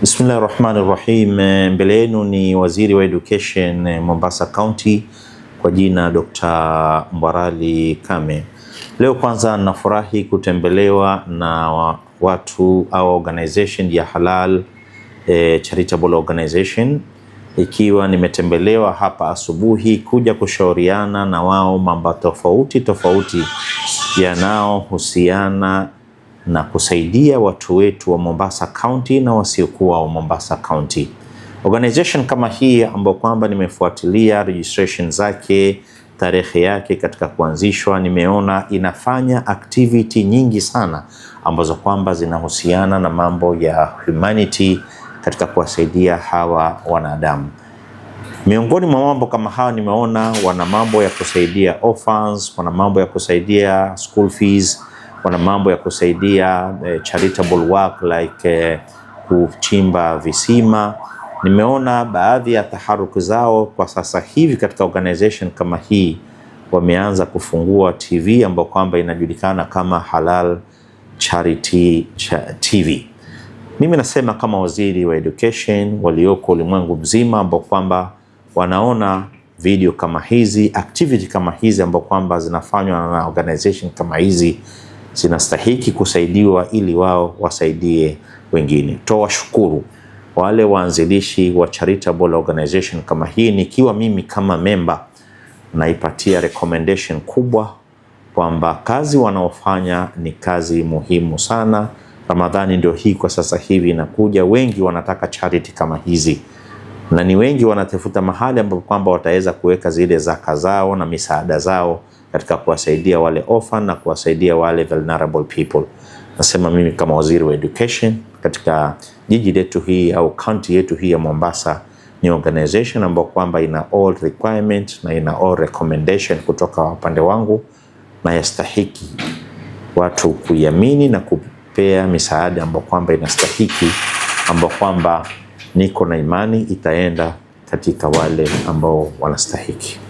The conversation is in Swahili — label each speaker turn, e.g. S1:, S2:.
S1: Bismillahi rahmani rahim. Mbele yenu ni waziri wa education eh, Mombasa County kwa jina Dr. Mbarali Kame. Leo kwanza nafurahi kutembelewa na watu au organization ya Halal eh, charitable organization, ikiwa nimetembelewa hapa asubuhi kuja kushauriana na wao mambo tofauti tofauti yanaohusiana na kusaidia watu wetu wa Mombasa County na wasiokuwa wa Mombasa County. Organization kama hii ambayo kwamba nimefuatilia registration zake, tarehe yake katika kuanzishwa, nimeona inafanya activity nyingi sana ambazo kwamba zinahusiana na mambo ya humanity katika kuwasaidia hawa wanadamu. Miongoni mwa mambo kama hayo nimeona wana mambo ya kusaidia orphans, wana mambo ya kusaidia school fees wana mambo ya kusaidia eh, charitable work like eh, kuchimba visima. Nimeona baadhi ya taharuki zao kwa sasa hivi katika organization kama hii, wameanza kufungua TV ambayo kwamba inajulikana kama Halal Charity TV. Mimi nasema kama waziri wa education walioko ulimwengu mzima ambao kwamba wanaona video kama hizi, activity kama hizi ambao kwamba zinafanywa na organization kama hizi zinastahiki kusaidiwa ili wao wasaidie wengine. shukuru wale waanzilishi wa charitable organization kama hii, nikiwa mimi kama memba naipatia recommendation kubwa kwamba kazi wanaofanya ni kazi muhimu sana. Ramadhani ndio hii kwa sasa hivi inakuja, wengi wanataka charity kama hizi na ni wengi wanatafuta mahali ambapo kwamba wataweza kuweka zile zaka zao na misaada zao katika kuwasaidia wale orphan na kuwasaidia wale vulnerable people. Nasema mimi kama waziri wa education katika jiji letu hii au county yetu hii ya Mombasa, ni organization ambayo kwamba ina all requirement na ina all recommendation kutoka upande wangu, na yastahiki watu kuiamini na kupea misaada ambayo kwamba inastahiki ambayo kwamba niko na imani itaenda katika wale ambao wanastahiki.